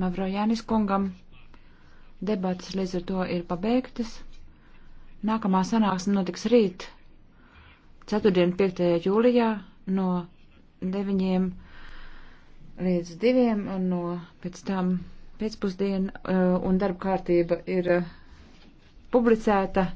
Mavrojānis kungam. Debats līdz ar to ir pabeigtas. Nākamā sanāksme notiks rīt, 4. 5. jūlijā, no 9. līdz 2. un no pēc tam pēcpusdienu, uh, un darba kārtība ir uh, publicēta.